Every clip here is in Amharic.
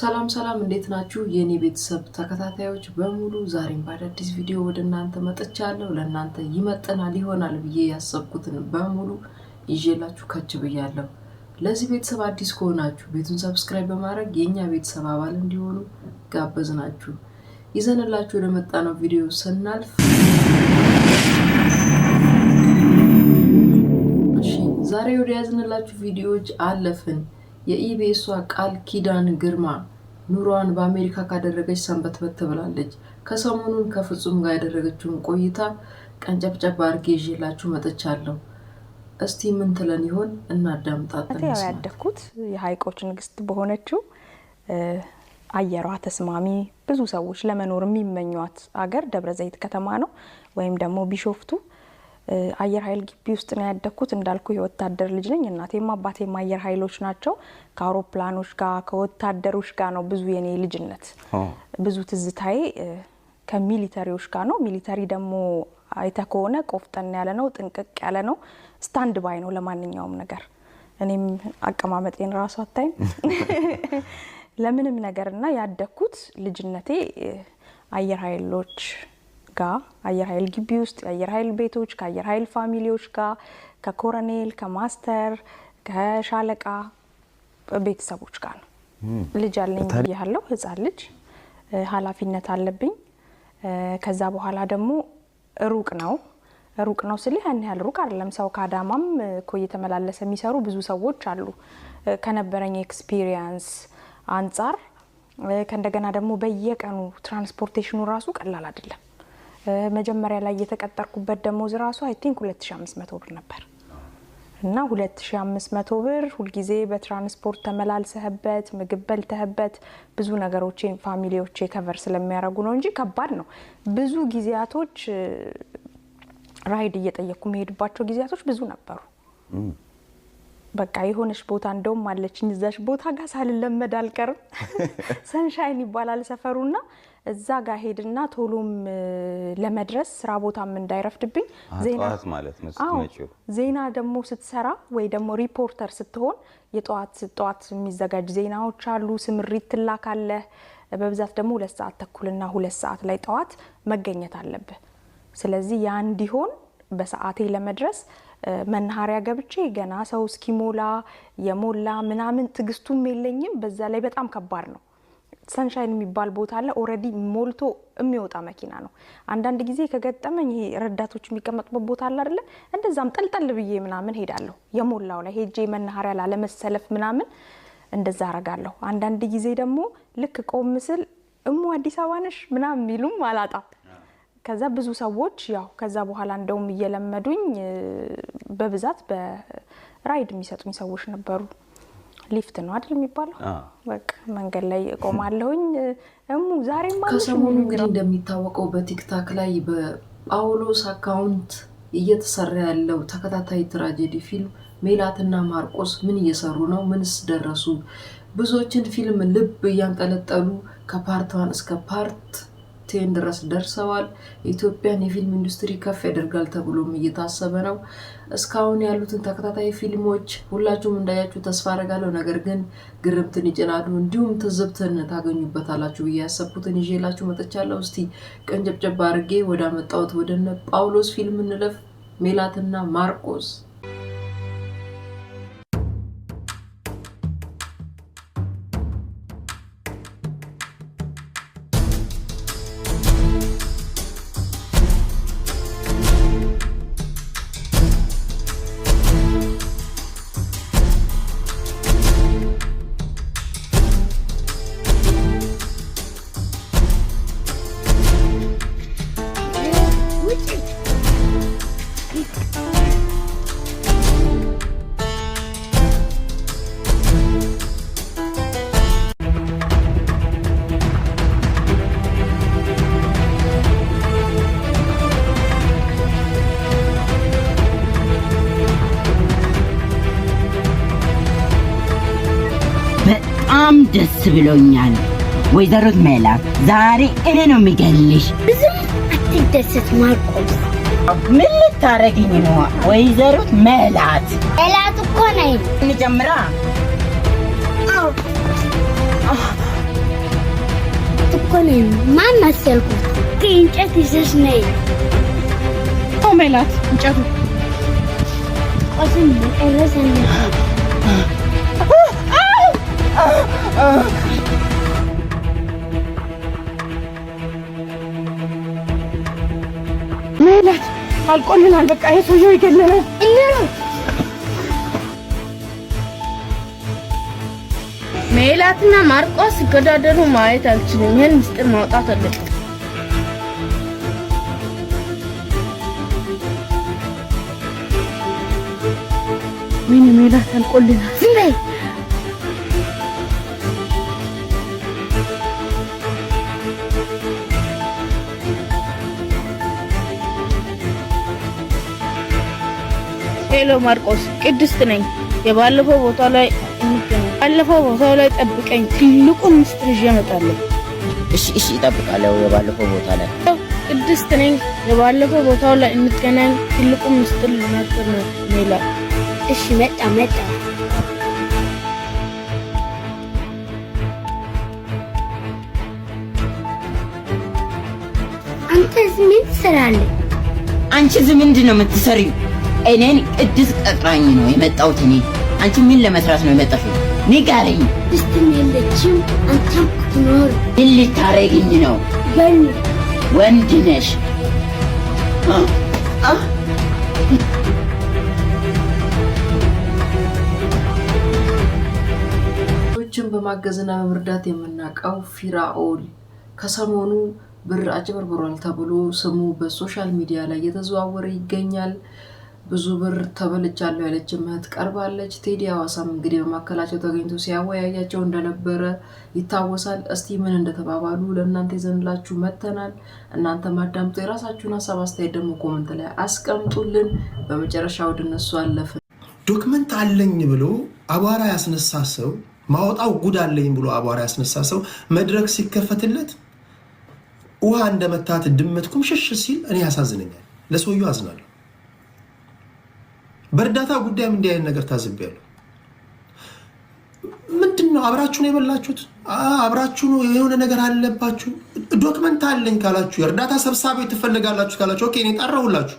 ሰላም ሰላም፣ እንዴት ናችሁ የእኔ ቤተሰብ ተከታታዮች በሙሉ? ዛሬም በአዳዲስ ቪዲዮ ወደ እናንተ መጥቻለሁ። ለእናንተ ይመጥናል ይሆናል ብዬ ያሰብኩትን በሙሉ ይዤላችሁ ከች ብያለሁ። ለዚህ ቤተሰብ አዲስ ከሆናችሁ ቤቱን ሰብስክራይብ በማድረግ የእኛ ቤተሰብ አባል እንዲሆኑ ጋበዝ ናችሁ። ይዘንላችሁ ወደ መጣነው ቪዲዮ ስናልፍ ዛሬ ወደ ያዝንላችሁ ቪዲዮዎች አለፍን። የኢቢኤሷ ቃል ኪዳን ግርማ ኑሯን በአሜሪካ ካደረገች ሰንበትበት ትብላለች። ከሰሞኑን ከፍጹም ጋር ያደረገችውን ቆይታ ቀንጨብጨብ አድርጌ ይዤላችሁ መጥቻለሁ። እስቲ ምን ትለን ይሆን እናዳምጣት። ያደግኩት የሀይቆች ንግስት በሆነችው አየሯ ተስማሚ ብዙ ሰዎች ለመኖር የሚመኟት አገር ደብረ ዘይት ከተማ ነው ወይም ደግሞ ቢሾፍቱ አየር ኃይል ግቢ ውስጥ ነው ያደግኩት። እንዳልኩ የወታደር ልጅ ነኝ። እናቴም አባቴም አየር ኃይሎች ናቸው። ከአውሮፕላኖች ጋር ከወታደሮች ጋር ነው ብዙ የኔ ልጅነት ብዙ ትዝታዬ ከሚሊተሪዎች ጋር ነው። ሚሊተሪ ደግሞ አይተ ከሆነ ቆፍጠን ያለ ነው፣ ጥንቅቅ ያለ ነው፣ ስታንድ ባይ ነው ለማንኛውም ነገር። እኔም አቀማመጤን ራሱ አታይም ለምንም ነገር እና ያደግኩት ልጅነቴ አየር ኃይሎች ጋር አየር ኃይል ግቢ ውስጥ የአየር ኃይል ቤቶች ከአየር ኃይል ፋሚሊዎች ጋር ከኮረኔል፣ ከማስተር፣ ከሻለቃ ቤተሰቦች ጋር ነው። ልጅ አለኝ ያለው ህፃን ልጅ ኃላፊነት አለብኝ። ከዛ በኋላ ደግሞ ሩቅ ነው ሩቅ ነው ስል ያን ያህል ሩቅ አይደለም። ሰው ከአዳማም እኮ እየተመላለሰ የሚሰሩ ብዙ ሰዎች አሉ። ከነበረኝ ኤክስፒሪየንስ አንጻር ከእንደገና ደግሞ በየቀኑ ትራንስፖርቴሽኑ ራሱ ቀላል አይደለም። መጀመሪያ ላይ የተቀጠርኩበት ደሞዝ ራሱ አይ ቲንክ 2500 ብር ነበር እና 2500 ብር ሁልጊዜ በትራንስፖርት ተመላልሰህበት ምግብ በልተህበት ብዙ ነገሮቼን ፋሚሊዎቼ ከቨር ስለሚያደርጉ ነው እንጂ ከባድ ነው። ብዙ ጊዜያቶች ራይድ እየጠየቅኩ መሄድባቸው ጊዜያቶች ብዙ ነበሩ። በቃ የሆነች ቦታ እንደውም አለችኝ። እዛች ቦታ ጋር ሳልለመድ አልቀርም። ሰንሻይን ይባላል ሰፈሩና እዛ ጋር ሄድና ቶሎም ለመድረስ ስራ ቦታም እንዳይረፍድብኝ ዜና ደግሞ ስትሰራ ወይ ደግሞ ሪፖርተር ስትሆን የጠዋት ጠዋት የሚዘጋጅ ዜናዎች አሉ። ስምሪት ትላካለህ። በብዛት ደግሞ ሁለት ሰዓት ተኩልና ሁለት ሰዓት ላይ ጠዋት መገኘት አለብህ። ስለዚህ ያ እንዲሆን በሰዓቴ ለመድረስ መናኸሪያ ገብቼ ገና ሰው እስኪሞላ የሞላ ምናምን ትግስቱም የለኝም። በዛ ላይ በጣም ከባድ ነው። ሰንሻይን የሚባል ቦታ አለ። ኦልሬዲ ሞልቶ የሚወጣ መኪና ነው። አንዳንድ ጊዜ ከገጠመኝ ይሄ ረዳቶች የሚቀመጡበት ቦታ አለ አይደለ? እንደዛም ጠልጠል ብዬ ምናምን ሄዳለሁ። የሞላው ላይ ሄጄ መናኸሪያ ላለመሰለፍ ምናምን እንደዛ አረጋለሁ። አንዳንድ ጊዜ ደግሞ ልክ ቆም ስል እሙ አዲስ አበባ ነሽ ምናምን የሚሉም አላጣ ከዛ ብዙ ሰዎች ያው ከዛ በኋላ እንደውም እየለመዱኝ በብዛት በራይድ የሚሰጡኝ ሰዎች ነበሩ። ሊፍት ነው አይደል የሚባለው? በቃ መንገድ ላይ እቆማለሁኝ። እሙ ዛሬ ከሰሞኑ እንግዲህ እንደሚታወቀው በቲክታክ ላይ በጳውሎስ አካውንት እየተሰራ ያለው ተከታታይ ትራጀዲ ፊልም ሜላትና ማርቆስ ምን እየሰሩ ነው? ምንስ ደረሱ? ብዙዎችን ፊልም ልብ እያንጠለጠሉ ከፓርት ዋን እስከ ፓርት ትሪሊየን ድረስ ደርሰዋል። የኢትዮጵያን የፊልም ኢንዱስትሪ ከፍ ያደርጋል ተብሎም እየታሰበ ነው። እስካሁን ያሉትን ተከታታይ ፊልሞች ሁላችሁም እንዳያችሁ ተስፋ አደርጋለሁ። ነገር ግን ግርምትን ይጭናሉ፣ እንዲሁም ትዝብትን ታገኙበታላችሁ ብዬ ያሰብኩትን ይዤላችሁ መጥቻለሁ። እስቲ ቀንጨብጨባ አድርጌ ወደ አመጣሁት ወደነ ጳውሎስ ፊልም እንለፍ። ሜላትና ማርቆስ ደስ ብሎኛል። ወይዘሮት ሜላ ዛሬ እኔ ነው የሚገልሽ። ብዙም አትደሰት ማርቆስ። ምን ልታረግኝ ነው ወይዘሮት ሜላት? ሜላት እኮ ነኝ። እንጀምራ እኮ ነኝ። ማን መሰልኩ? እንጨት ይዘሽ ነይ። ሜላት እንጨቱ ቆስም መቀረስ አለ ሜላት አልቆልናል። በቃ የሰውየው ይገለናል። ሜላትና ማርቆስ ሲገዳደሉ ማየት አልችልም። ይህን ምስጢር ማውጣት አለብን። ምን ሜላት አልቆልናል። ኃይለ ማርቆስ ቅድስት ነኝ። የባለፈው ቦታ ላይ እንገናኝ። ባለፈው ቦታ ላይ ጠብቀኝ፣ ትልቁን ምስጢር ይዤ እመጣለሁ። እሺ፣ እሺ፣ እጠብቃለሁ። የባለፈው ቦታ ላይ ቅድስት ነኝ። የባለፈው ቦታው ላይ እንገናኝ። ትልቁን ምስጢር ልናገር ነው ሜላ። እሺ፣ መጣ መጣ። አንተ እዚህ ምን ትሰራለህ? አንቺ እዚህ ምንድን ነው የምትሰሪው? እኔን ቅድስት ቀጥራኝ ነው የመጣሁት። እኔ አንቺ ምን ለመስራት ነው የመጣሽው? ንገረኝ። ድስትም የለችም አንተም ትኖር ምን ልታረግኝ ነው? ወንድ ነሽ። ችን በማገዝና በመርዳት የምናውቀው ፊራኦል ከሰሞኑ ብር አጭበርብሯል ተብሎ ስሙ በሶሻል ሚዲያ ላይ እየተዘዋወረ ይገኛል። ብዙ ብር ተበልቻለሁ ያለች እህት ቀርባለች። ቴዲ አዋሳም እንግዲህ በማከላቸው ተገኝቶ ሲያወያያቸው እንደነበረ ይታወሳል። እስቲ ምን እንደተባባሉ ለእናንተ ይዘንላችሁ መጥተናል። እናንተ ማዳምጡ፣ የራሳችሁን ሀሳብ አስተያየት ደግሞ ኮመንት ላይ አስቀምጡልን። በመጨረሻ ወደ እነሱ አለፍን። ዶክመንት አለኝ ብሎ አቧራ ያስነሳ ሰው ማወጣው ጉድ አለኝ ብሎ አቧራ ያስነሳ ሰው መድረክ ሲከፈትለት ውሃ እንደመታት ድመት ኩምሽሽ ሲል እኔ ያሳዝነኛል። ለሰውየው አዝናለሁ። በእርዳታ ጉዳይም እንዲህ አይነት ነገር ታዝቤያለሁ። ምንድን ነው አብራችሁ ነው የበላችሁት? አብራችሁ ነው የሆነ ነገር አለባችሁ። ዶክመንት አለኝ ካላችሁ የእርዳታ ሰብሳቢ ትፈልጋላችሁ ካላችሁ ኦኬ፣ እኔ ጠራሁላችሁ።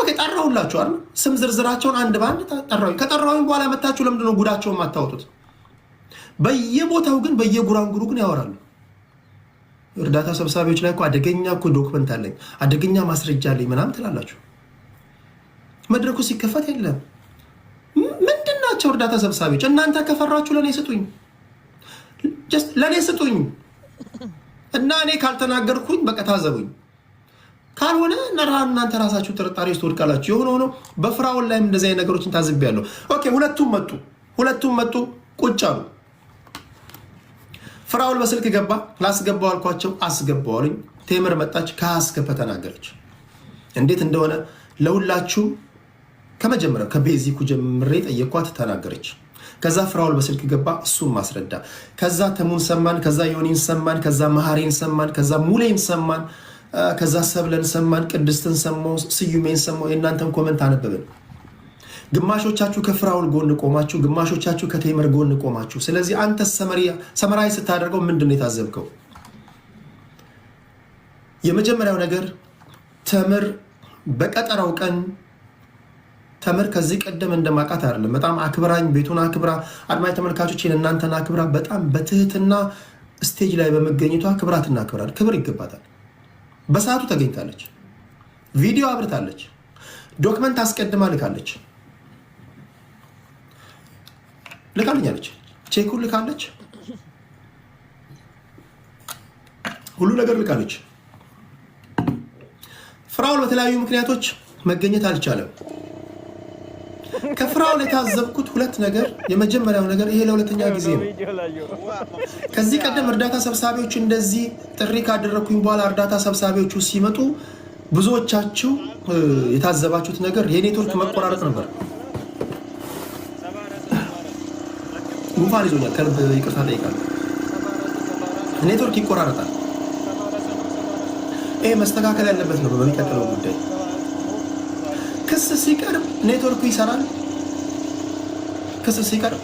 ኦኬ፣ ጠራሁላችሁ አይደል? ስም ዝርዝራቸውን አንድ በአንድ ጠራሁኝ። ከጠራሁኝ በኋላ መታችሁ ለምንድን ነው ጉዳቸውን ማታወጡት? በየቦታው ግን በየጉራንጉሩ ግን ያወራሉ። እርዳታ ሰብሳቢዎች ላይ እኮ አደገኛ እኮ ዶክመንት አለኝ፣ አደገኛ ማስረጃ አለኝ ምናምን ትላላችሁ። መድረኩ ሲከፈት የለም። ምንድን ናቸው እርዳታ ሰብሳቢዎች? እናንተ ከፈራችሁ ለእኔ ስጡኝ፣ ለእኔ ስጡኝ እና እኔ ካልተናገርኩኝ በቃ ታዘቡኝ። ካልሆነ እናንተ ራሳችሁ ጥርጣሬ ውስጥ ወድቃላችሁ። የሆነ ሆኖ በፍራውን ላይም እንደዚህ አይነት ነገሮችን ታዝቤያለሁ። ኦኬ ሁለቱም መጡ፣ ሁለቱም መጡ፣ ቁጭ አሉ። ፍራውል በስልክ ገባ። ላስገባው አልኳቸው፣ አስገባዋልኝ። ቴምር መጣች፣ ከሀ እስከ ፐ ተናገረች። እንዴት እንደሆነ ለሁላችሁም ከመጀመሪያው ከቤዚኩ ጀምሬ ጠየኳት፣ ተናገረች። ከዛ ፍራውል በስልክ ገባ፣ እሱም ማስረዳ። ከዛ ተሙን ሰማን፣ ከዛ ዮኒን ሰማን፣ ከዛ መሐሬን ሰማን፣ ከዛ ሙሌን ሰማን፣ ከዛ ሰብለን ሰማን፣ ቅድስትን ሰማው፣ ስዩሜን ሰማው። የእናንተን ኮመንት አነበብን። ግማሾቻችሁ ከፍራውል ጎን ቆማችሁ፣ ግማሾቻችሁ ከቴምር ጎን ቆማችሁ። ስለዚህ አንተ ሰመራዊ ስታደርገው ምንድን ነው የታዘብከው? የመጀመሪያው ነገር ተምር በቀጠራው ቀን ተምር ከዚህ ቀደም እንደማውቃት አይደለም። በጣም አክብራኝ፣ ቤቱን አክብራ፣ አድማጭ ተመልካቾችን እናንተን አክብራ፣ በጣም በትህትና ስቴጅ ላይ በመገኘቷ ክብራትና ክብራል ክብር ይገባታል። በሰዓቱ ተገኝታለች። ቪዲዮ አብርታለች። ዶክመንት አስቀድማ ልካለች ልካልኛለች ቼኩን ልካለች። ሁሉ ነገር ልካለች። ፍራውል በተለያዩ ምክንያቶች መገኘት አልቻለም። ከፍራውን የታዘብኩት ሁለት ነገር፣ የመጀመሪያው ነገር ይሄ ለሁለተኛ ጊዜ ነው። ከዚህ ቀደም እርዳታ ሰብሳቢዎች እንደዚህ ጥሪ ካደረግኩኝ በኋላ እርዳታ ሰብሳቢዎቹ ሲመጡ ብዙዎቻችሁ የታዘባችሁት ነገር የኔትወርክ መቆራረጥ ነበር። ጉንፋን ይዞኛል፣ ከልብ ይቅርታ ጠይቃለሁ። ኔትወርክ ይቆራረጣል። ይሄ መስተካከል ያለበት ነው በሚቀጥለው ጉዳይ ክስ ሲቀርብ ኔትወርኩ ይሰራል። ክስ ሲቀርብ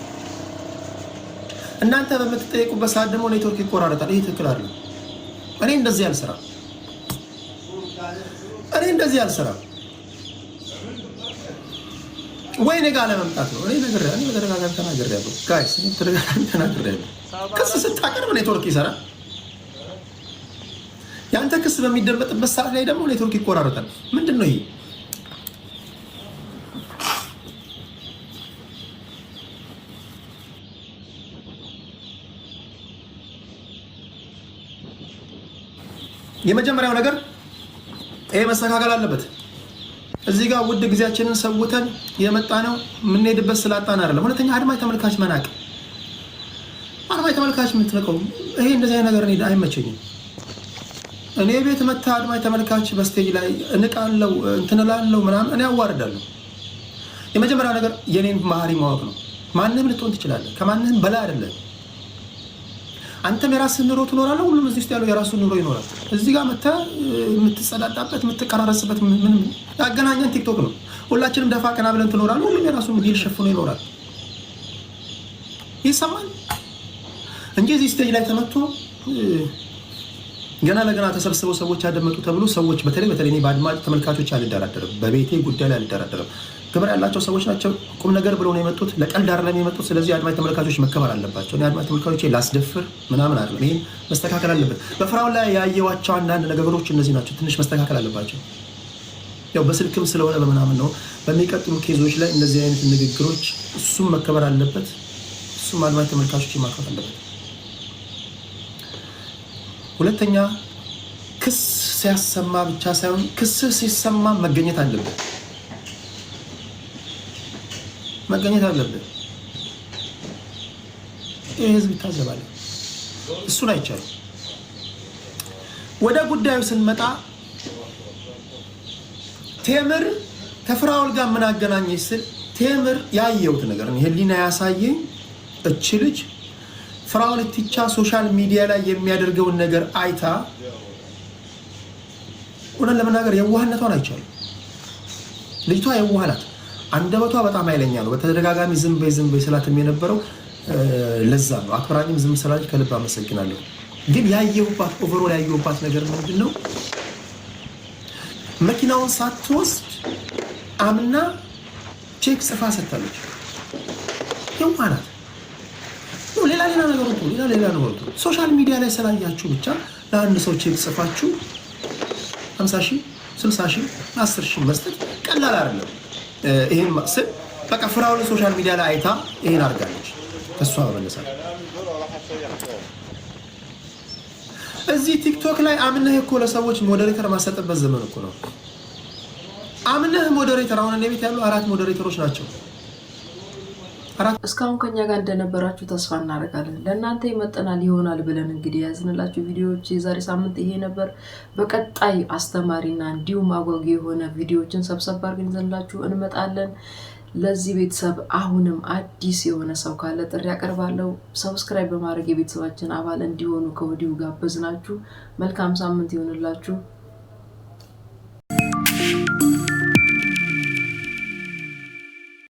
እናንተ በምትጠየቁበት ሰዓት ደግሞ ኔትወርክ ይቆራረጣል። ይህ ትክክል አለ። እኔ እንደዚህ አልሰራ እኔ እንደዚህ አልሰራ ወይ ነገ አለመምጣት ነው። እኔ ነገር እኔ በተደጋጋሚ ተናግሬያለሁ። ጋይስ እኔ በተደጋጋሚ ተናግሬያለሁ። ክስ ስታቀርብ ኔትወርክ ይሰራል። ያንተ ክስ በሚደመጥበት ሰዓት ላይ ደግሞ ኔትወርክ ይቆራረጣል። ምንድን ነው ይሄ? የመጀመሪያው ነገር ይሄ መስተካከል አለበት። እዚህ ጋር ውድ ጊዜያችንን ሰውተን የመጣ ነው የምንሄድበት ስላጣን አይደለም። ሁለተኛ አድማጭ ተመልካች መናቅ፣ አድማጭ ተመልካች የምትንቀው ይሄ እንደዚህ ነገር አይመቸኝም። እኔ ቤት መታ አድማጭ ተመልካች በስቴጅ ላይ እንቃለው እንትንላለው ምናምን እኔ አዋርዳለሁ። የመጀመሪያው ነገር የኔን ባህሪ ማወቅ ነው። ማንም ልትሆን ትችላለህ፣ ከማንም በላይ አይደለም። አንተም የራስህ ኑሮ ትኖራለህ። ሁሉም እዚህ ውስጥ ያለው የራሱ ኑሮ ይኖራል። እዚህ ጋር መተህ የምትጸዳዳበት የምትቀራረስበት ምንም ያገናኘን ቲክቶክ ነው። ሁላችንም ደፋ ቀና ብለን ትኖራለህ። ሁሉም የራሱ ዲል ሸፍኖ ይኖራል። ይሰማል እንጂ እዚህ ስቴጅ ላይ ተመቶ ገና ለገና ተሰብስበው ሰዎች ያደመጡ ተብሎ ሰዎች በተለይ በተለይ እኔ በአድማጭ ተመልካቾች አልደራደርም። በቤቴ ጉዳይ ላይ አልደራደርም። ግብር ያላቸው ሰዎች ናቸው። ቁም ነገር ብለው ነው የመጡት፣ ለቀልድ አይደለም የመጡት። ስለዚህ የአድማጭ ተመልካቾች መከበር አለባቸው። አድማ ተመልካቾች ላስደፍር ምናምን አይደለም። ይህን መስተካከል አለበት። በፍራው ላይ ያየዋቸው አንዳንድ ነገሮች እነዚህ ናቸው። ትንሽ መስተካከል አለባቸው። ያው በስልክም ስለሆነ በምናምን ነው። በሚቀጥሉ ኬዞች ላይ እነዚህ አይነት ንግግሮች እሱም መከበር አለበት። እሱም አድማጭ ተመልካቾች ማከበር አለበት። ሁለተኛ ክስ ሲያሰማ ብቻ ሳይሆን ክስ ሲሰማ መገኘት አለበት። መገኘት አለብን። ይህ ህዝብ ይታዘባል። እሱን አይቻልም። ወደ ጉዳዩ ስንመጣ ቴምር ከፍራውል ጋር ምን አገናኘች ስል ቴምር ያየሁት ነገር ነው። ህሊና ያሳየኝ እች ልጅ ፍራውል ቲቻ ሶሻል ሚዲያ ላይ የሚያደርገውን ነገር አይታ እውነት ለመናገር የዋህነቷን አይቻልም። ልጅቷ የዋህ ናት። አንደበቷ በጣም አይለኛ ነው። በተደጋጋሚ ዝም በይ ዝም በይ ስላትም የነበረው ለዛ ነው። አክብራኝም ዝም ስላለች ከልብ አመሰግናለሁ። ግን ያየሁባት ኦቨሮል ያየሁባት ነገር ምንድን ነው መኪናውን ሳትወስድ አምና ቼክ ጽፋ ሰጥታለች። የዋናት ሌላ ሌላ ነገር ወጡ ሌላ ሌላ ነገር ወጡ። ሶሻል ሚዲያ ላይ ስላያችሁ ብቻ ለአንድ ሰው ቼክ ጽፋችሁ 50 ሺህ 60 ሺህ 10 ሺህ መስጠት ቀላል አይደለም። ይህን ስል በቃ ፍራውን ሶሻል ሚዲያ ላይ አይታ ይሄን አድርጋለች። ከሷ በመነሳት እዚህ ቲክቶክ ላይ አምነህ እኮ ለሰዎች ሞዴሬተር ማሰጥበት ዘመን እኮ ነው። አምነህ ሞዴሬተር አሁን እኔ ቤት ያሉ አራት ሞዴሬተሮች ናቸው። አራት እስካሁን ከኛ ጋር እንደነበራችሁ ተስፋ እናደርጋለን። ለእናንተ ይመጠናል ይሆናል ብለን እንግዲህ ያዝንላችሁ ቪዲዮዎች የዛሬ ሳምንት ይሄ ነበር። በቀጣይ አስተማሪና እንዲሁም አጓጊ የሆነ ቪዲዮዎችን ሰብሰብ አድርገን ይዘንላችሁ እንመጣለን። ለዚህ ቤተሰብ አሁንም አዲስ የሆነ ሰው ካለ ጥሪ ያቀርባለሁ። ሰብስክራይብ በማድረግ የቤተሰባችን አባል እንዲሆኑ ከወዲሁ ጋበዝናችሁ። መልካም ሳምንት ይሆንላችሁ።